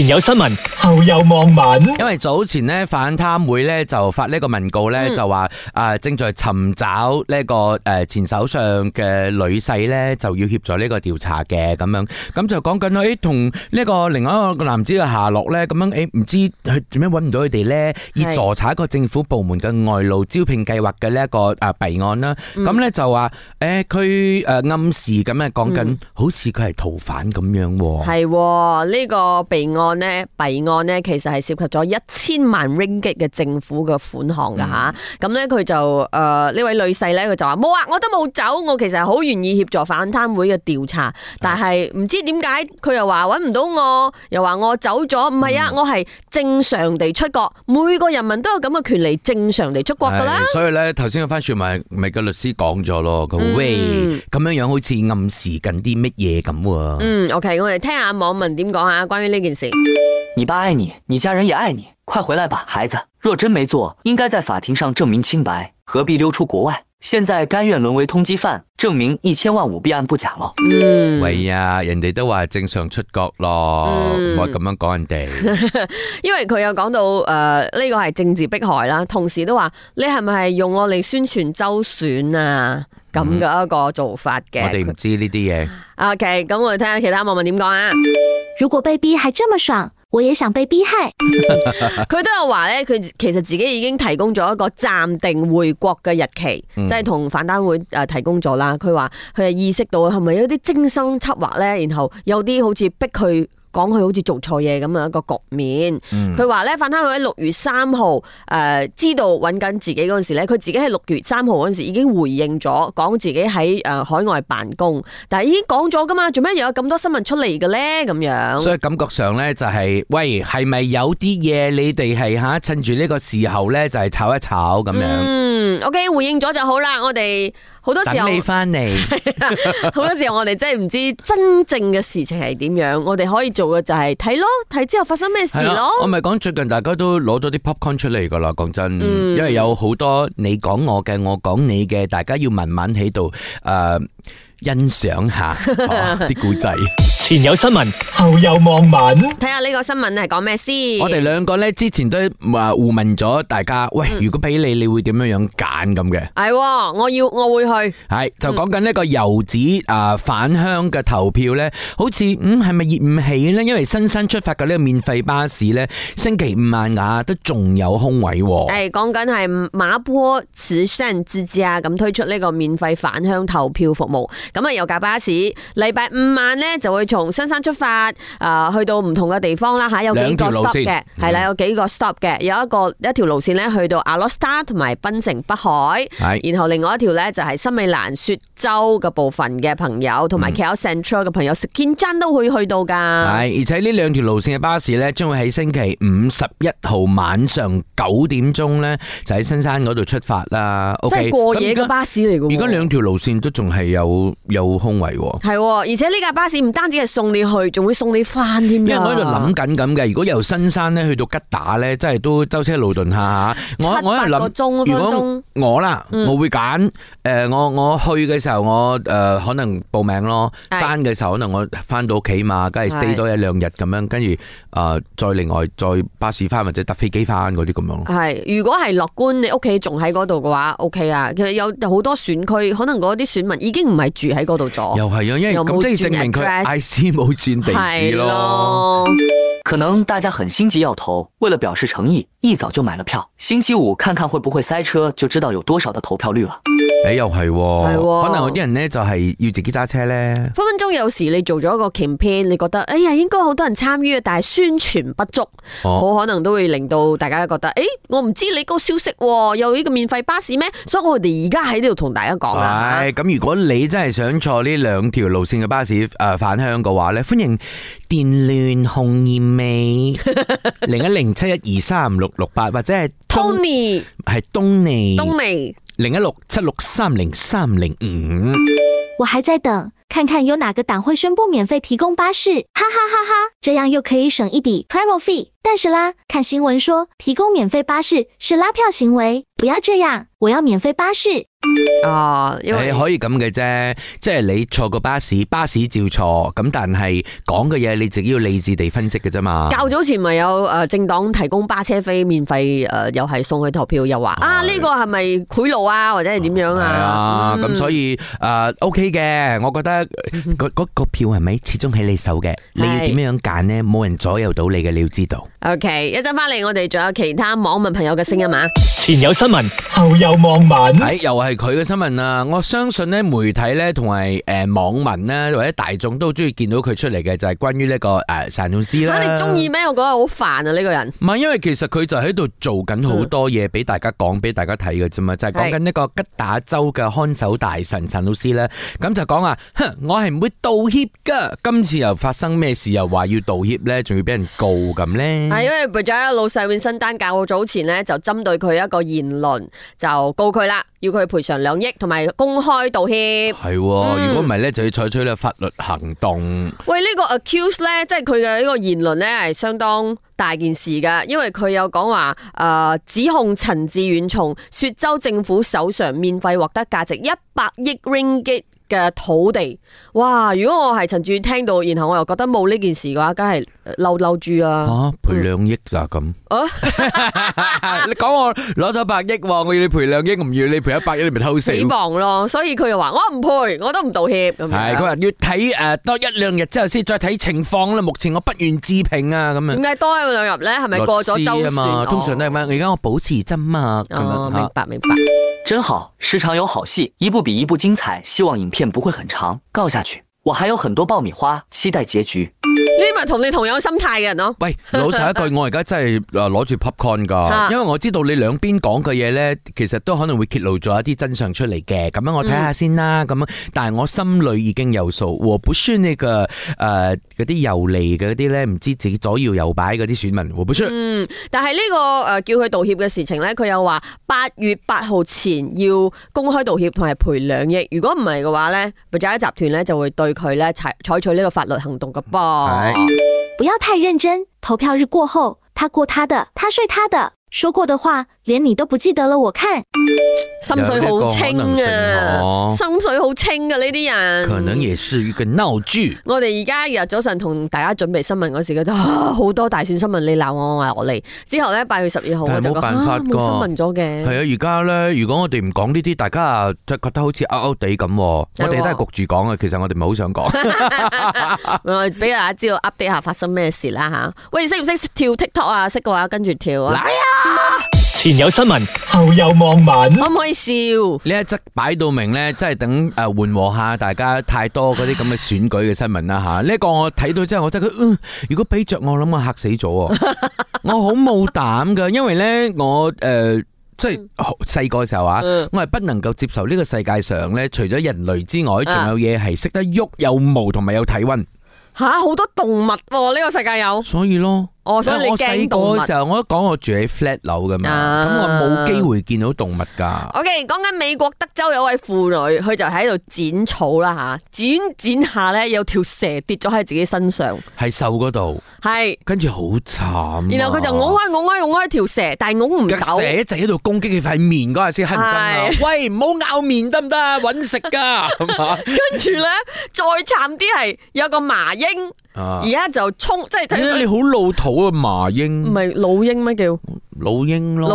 前有新聞，後有網民。因為早前咧反貪會咧就發呢個文告咧，就話誒正在尋找呢個誒前首相嘅女婿咧，就要協助呢個調查嘅咁樣。咁就講緊啦，誒同呢個另外一個男子嘅下落咧，咁樣誒唔知佢點解揾唔到佢哋咧，以助查一個政府部門嘅外勞招聘計劃嘅呢一個誒備案啦。咁咧就話誒佢誒暗示咁樣講緊，好似佢係逃犯咁樣。係呢個備案。案咧弊案呢，其實係涉及咗一千萬 Ringgit 嘅政府嘅款項噶吓。咁咧佢就誒呢位女婿咧，佢就話冇啊，我都冇走，我其實好願意協助反貪會嘅調查，但係唔知點解佢又話搵唔到我，又話我走咗。唔係啊，嗯、我係正常地出國，每個人民都有咁嘅權利，正常地出國噶啦、啊。所以咧，頭先嘅番薯咪咪個律師講咗咯，喂咁樣樣好似暗示緊啲乜嘢咁。嗯，OK，我哋聽下網民點講下關於呢件事。你爸愛你，你家人也愛你，快回來吧，孩子。若真沒做，應該在法庭上證明清白，何必溜出國外？現在甘願淪為通緝犯，證明一千萬舞弊案不假咯。嗯，係呀，人哋都話正常出國咯，唔可以咁樣講人哋。 因為佢有講到誒，呢個係政治迫害啦。同時都話你係咪用我嚟宣傳周旋啊？咁嘅一個做法嘅、嗯。我哋唔知呢啲嘢。OK，咁我哋睇下其他網民點講啊。看看如果被逼害這麼爽，我 也想被逼害。佢都有話咧，佢其實自己已經提供咗一個暫定回國嘅日期，即係同反貪會誒提供咗啦。佢話佢係意識到係咪有啲精心策劃咧，然後有啲好似逼佢。講佢好似做錯嘢咁樣一個局面，佢話咧反貪會喺六月三號誒知道揾緊自己嗰陣時咧，佢自己喺六月三號嗰陣時已經回應咗，講自己喺誒、呃、海外辦公，但係已經講咗噶嘛，做咩又有咁多新聞出嚟嘅咧？咁樣，所以感覺上咧就係、是、喂，係咪有啲嘢你哋係吓趁住呢個時候咧就係炒一炒咁樣？嗯，O、okay, K 回應咗就好啦，我哋。好多時候等你翻嚟，好多時候我哋真係唔知真正嘅事情係點樣，我哋可以做嘅就係睇咯，睇之後發生咩事咯。我咪講最近大家都攞咗啲 popcorn 出嚟㗎喇，講真，因為有好多你講我嘅，我講你嘅，大家要慢慢喺度誒。欣賞下啲古仔。前有新聞，後有網民。睇下呢個新聞係講咩先。我哋兩個咧之前都啊互問咗大家，喂，嗯、如果俾你，你會點樣樣揀咁嘅？係、哎，我要我會去。係、哎、就講緊呢個遊子啊返鄉嘅投票呢，好似嗯係咪熱唔起呢？因為新山出發嘅呢個免費巴士呢，星期五晚呀都仲有空位、哦。係講緊係馬坡慈善之家啊，咁推出呢個免費返鄉投票服務。咁啊，有架巴士，禮拜五晚咧，就會從新山出發，誒、呃，去到唔同嘅地方啦吓、啊，有幾個 stop 嘅，係啦，有幾個 stop 嘅，有一個一條路線咧去到阿 t a r 同埋檳城北海，的然後另外一條咧就係新美蘭雪州嘅部分嘅朋友，同埋 KFC 隆坡嘅朋友，甚至真都會去到噶。係，而且呢兩條路線嘅巴士咧，將會喺星期五十一號晚上九點鐘咧，就喺新山嗰度出發啦，okay, 即係過夜嘅巴士嚟嘅，而家兩條路線都仲係有。有空位喎，係，而且呢架巴士唔單止係送你去，仲會送你翻添，因為我喺度諗緊咁嘅，如果由新山咧去到吉打咧，真係都舟車勞頓下。我個我諗，如果我啦，嗯、我會揀誒、呃，我我去嘅時候我，我、呃、誒可能報名咯，翻嘅時候可能我翻到屋企嘛，梗係 stay 多一兩日咁樣，跟住誒再另外再巴士翻或者搭飛機翻嗰啲咁樣咯。係，如果係樂觀，你屋企仲喺嗰度嘅話，OK 啊。其實有好多選區，可能嗰啲選民已經唔係喺度做，又係啊，因為咁即係證明佢 IC 冇轉地址咯。可能大家很心急要投，為了表示誠意，一早就買了票。星期五看看會不會塞車，就知道有多少的投票率啦。誒又係、哦，哦、可能有啲人咧就係要自己揸車咧。分分鐘有時你做咗一個 campaign，你覺得哎呀應該好多人參與啊，但係宣傳不足，好、哦、可能都會令到大家覺得誒，我唔知你個消息，哦、有呢個免費巴士咩？所以我哋而家喺呢度同大家講。係咁喂，啊、如果你真係想坐呢兩條路線嘅巴士誒、呃、返鄉嘅話咧，歡迎電聯紅艷未零一零七一二三六六八或者係 Tony 係東尼東尼零一六七六三零三零五。30 30我還在等，看看有哪個黨會宣布免費提供巴士，哈哈哈哈！這樣又可以省一筆 private fee。但是啦，看新聞說提供免費巴士是拉票行為，不要這樣。我要免費巴士。啊，係可以咁嘅啫，即係你坐個巴士，巴士照坐，咁但係講嘅嘢，你自己要理智地分析嘅啫嘛。較早前咪有誒政黨提供巴車飛免費，誒又係送去投票又話啊？呢個係咪賄賂啊？或者係點樣啊？咁所以誒 OK 嘅，我覺得嗰嗰個票係咪始終喺你手嘅？你要點樣揀呢？冇人左右到你嘅，你要知道。OK，一陣翻嚟，我哋仲有其他網民朋友嘅聲音啊！前有新聞，後有網民，係又係。係佢嘅新聞啊！我相信呢媒體呢，同埋誒網民呢，或者大眾都好中意見到佢出嚟嘅，就係、是、關於呢、這個誒陳老師啦。吓、呃啊、你中意咩？我覺得我好煩啊！呢、這個人唔係因為其實佢就喺度做緊好多嘢俾大家講俾、嗯、大家睇嘅啫嘛，就係講緊呢個吉打州嘅看守大臣陳老師呢。咁就講啊，哼，我係唔會道歉噶。今次又發生咩事又話要道歉呢，仲要俾人告咁呢？係因為部長老細伍新丹較早前呢，就針對佢一個言論就告佢啦，要佢賠賠償兩億，同埋公開道歉。係喎、哦，如果唔係咧，要就要採取咧法律行動。喂，呢、這個 accuse 咧，即係佢嘅呢個言論咧，係相當大件事㗎，因為佢有講話誒指控陳志遠從雪州政府手上免費獲得價值一百億 ringgit 嘅土地，哇！如果我係陳志遠聽到，然後我又覺得冇呢件事嘅話，梗係嬲嬲住啦。吓，賠兩億就咁？啊，你講我攞咗百億喎，我要你賠兩億，唔要你賠一百億，你咪偷死。死亡咯，所以佢又話我唔賠，我都唔道歉咁樣。係佢話要睇誒多一兩日之後先再睇情況啦。目前我不願置評啊，咁樣。點解多一兩日咧？係咪過咗周算？通常都係咩？而家我保持沉默。哦，明白明白。真好，時常有好戲，一部比一部精彩。希望影片不會很長，告下去。我還有很多爆米花，期待結局。你咪同你同樣心態嘅人咯？喂，老實一句， 我而家真係誒攞住 popcorn 噶，因為我知道你兩邊講嘅嘢咧，其實都可能會揭露咗一啲真相出嚟嘅。咁樣我睇下先啦。咁樣、嗯，但係我心裏已經有數。我唔需呢個誒嗰啲游離嘅嗰啲咧，唔、呃、知自己左搖右擺嗰啲選民。我唔需嗯，但係呢個誒叫佢道歉嘅事情咧，佢又話八月八號前要公開道歉同係賠兩億。如果唔係嘅話咧，記者集團咧就會對。他對佢咧採採取呢個法律行動嘅噃，不要太認真。投票日過後，他過他的，他睡他的，說過的話連你都不記得了。我看。 心水好清啊，心水好清，噶呢啲人，可能也是一個鬧劇。我哋而家日早晨同大家準備新聞嗰時，佢就好多大選新聞，你鬧我，我鬧你。之後咧，八月十二號我就冇辦法，冇新聞咗嘅。係啊，而家咧，如果我哋唔講呢啲，大家啊，就覺得好似拗拗地咁。的我哋都係焗住講啊，其實我哋唔係好想講。俾 大家知道 update 下，發生咩事啦吓。喂，識唔識跳 TikTok 啊？識嘅話跟住跳啊。語到 前有新聞，後有網民，可唔可以笑？呢一則擺到明咧，真係等誒緩、呃、和下大家太多嗰啲咁嘅選舉嘅新聞啦吓。呢、啊這個我睇到之後，我真係、呃，覺得如果俾着我，諗我吓死咗。我好冇膽噶，因為咧我誒、呃，即係細個時候啊，嗯、我係不能夠接受呢個世界上咧，除咗人類之外，仲有嘢係識得喐、有毛同埋有體溫。吓、啊，好多動物呢、啊這個世界有，所以咯。我想、哦、你驚動物。細個嘅時候，我都講我住喺 flat 樓噶嘛，咁、啊、我冇機會見到動物噶。OK，講緊美國德州有位婦女，佢就喺度剪草啦吓，剪剪下咧有條蛇跌咗喺自己身上，喺手嗰度。係是，跟住好慘。然後佢就我哀我哀我哀條蛇，但係我唔搞。蛇就喺度攻擊佢塊面嗰下先，吓是喂，唔好咬面得唔得？搵食噶、啊， 跟住咧再慘啲係有個麻鷹。而家就衝，即係睇你好老土啊！麻鷹唔係老鷹咩叫？老鷹咯，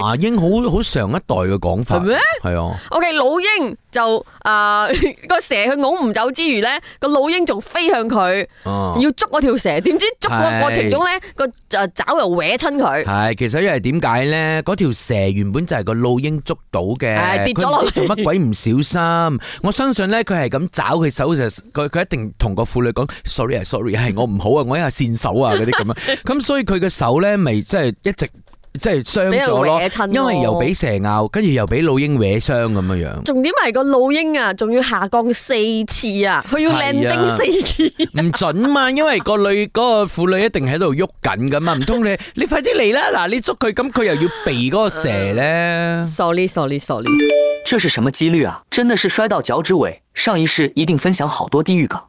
麻鷹好好上一代嘅講法係咩？係啊。O K 老鷹就啊個蛇佢拱唔走之餘咧，個老鷹仲飛向佢，要捉嗰條蛇。點知捉個過程中咧個誒爪又搲親佢。係其實因為點解咧？嗰條蛇原本就係個老鷹捉到嘅，跌咗落去做乜鬼唔小心？我相信咧，佢係咁抓佢手就佢佢一定同個婦女講 sorry sorry 係我唔好啊，我一下善手啊嗰啲咁樣。咁所以佢嘅手咧咪即係一直。即係傷咗咯，因為又俾蛇咬，跟住又俾老鷹搲傷咁樣樣。重點係個老鷹啊，仲要下降四次啊，佢要靚丁四次，啊。唔、啊、 準嘛，因為個女嗰、嗰個婦女一定喺度喐緊噶嘛，唔通你 你快啲嚟啦！嗱，你捉佢，咁佢又要避嗰個蛇咧。Sorry，sorry，sorry sorry,。Sorry. 這是什麼幾率啊？真的是摔到腳趾尾，上一世一定分享好多地獄噶。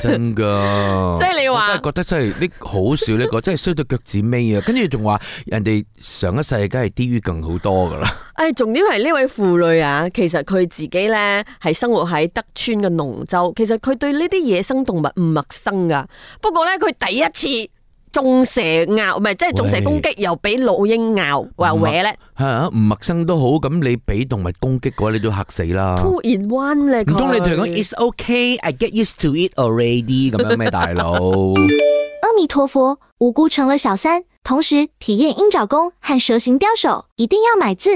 真噶，即係 你話覺得真係呢 好少呢、這個，真係衰到腳趾尾啊！跟住仲話人哋上一世梗係地獄更好多噶啦。誒、哎，重點係呢位婦女啊，其實佢自己呢，係生活喺德川嘅農州，其實佢對呢啲野生動物唔陌生噶。不過呢，佢第一次。中蛇咬唔係，即係中蛇攻擊又俾老鷹咬，話搲咧，係啊，唔陌生都好，咁你俾動物攻擊嘅話，你都吓死啦。突然彎叻，唔通你同佢講，It's okay, I get used to it already，咁樣咩大佬？阿彌陀佛，無辜成了小三，同時體驗鷹爪功和蛇形刁手。一定要買字，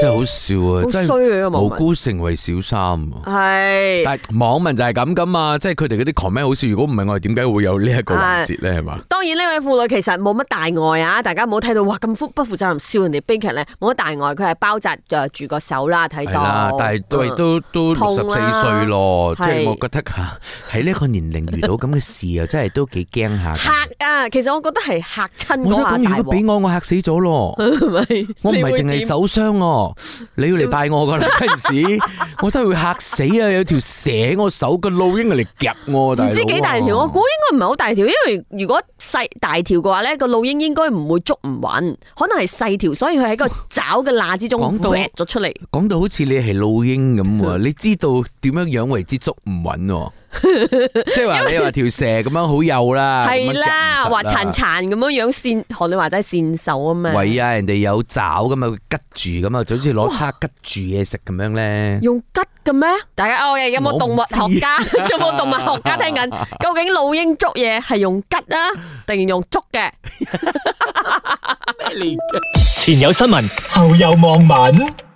真係好笑啊！好衰嘅一個網民，無辜成為小三。係，但係網民就係咁噶啊，即係佢哋嗰啲 comment 好笑？如果唔係我哋，點解會有呢一個環節咧？係嘛？當然呢位婦女其實冇乜大礙啊，大家唔好睇到哇咁負不負責任，笑人哋悲劇咧，冇乜大礙，佢係包紮住個手啦。睇到，但係都都都六十四歲咯，即係我覺得吓，喺呢個年齡遇到咁嘅事啊，真係都幾驚下吓啊！其實我覺得係嚇親我，如果俾我，我嚇死咗咯，係咪？我唔係淨係手傷哦，你，你要嚟拜我噶啦，嗰陣時我真係會嚇死啊！有條蛇我手個老鷹嚟夾我，大佬。唔知幾大條？我估應該唔係好大條，因為如果細大條嘅話咧，個老鷹應該唔會捉唔穩，可能係細條，所以佢喺個爪嘅罅之中掘咗到出嚟。講到好似你係老鷹咁喎，你知道點樣養為之捉唔穩？即係話你話條蛇咁樣好幼啦，係為啦，滑潺潺咁樣線樣，線學，你話齋線手啊嘛。喂啊，人哋有爪噶嘛，拮住噶嘛，就好似攞叉拮住嘢食咁樣咧。用拮嘅咩？大家哦，有冇動物學家？有冇動物學家聽緊？ 究竟老鷹捉嘢係用拮啊，定用捉嘅？ 前有新聞，後有網民。